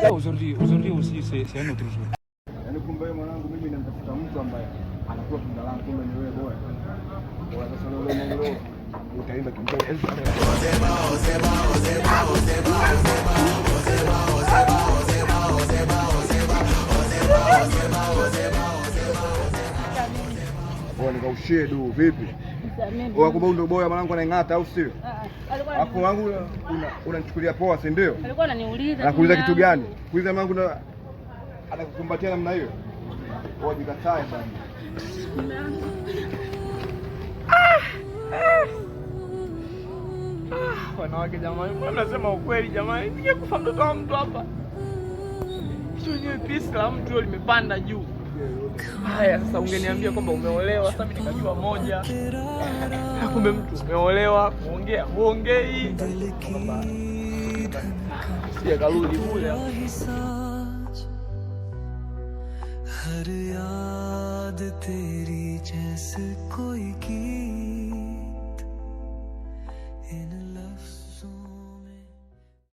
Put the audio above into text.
Eh, uzuri aujourd'hui aussi c'est un autre jour. Yaani kumbe mwanangu mimi namtafuta mtu ambaye anakuwa tunda langu kumbe ni wewe bora. Bora sasa leo leo leo utaimba kimtoe elfu. Osema osema osema osema osema osema Wakuba boya mwanangu anaing'ata au sio? Hapo ah, ah. wangu unanichukulia poa si ndio? Alikuwa ananiuliza. Anakuuliza kitu gani? Kuuliza mwanangu na anakukumbatia namna hiyo. jikatae bwana. Ah, wanawake jamani, nasema ukweli jamani. Ningekufa mtoto wa mtu hapa. Sio ni pisi la mtu limepanda juu. Haya, sasa ungeniambia kwamba umeolewa, sasa mimi nikajua moja. Kumbe mtu umeolewa, kuongea huongei, sija karudi kule हर याद तेरी जैसे कोई की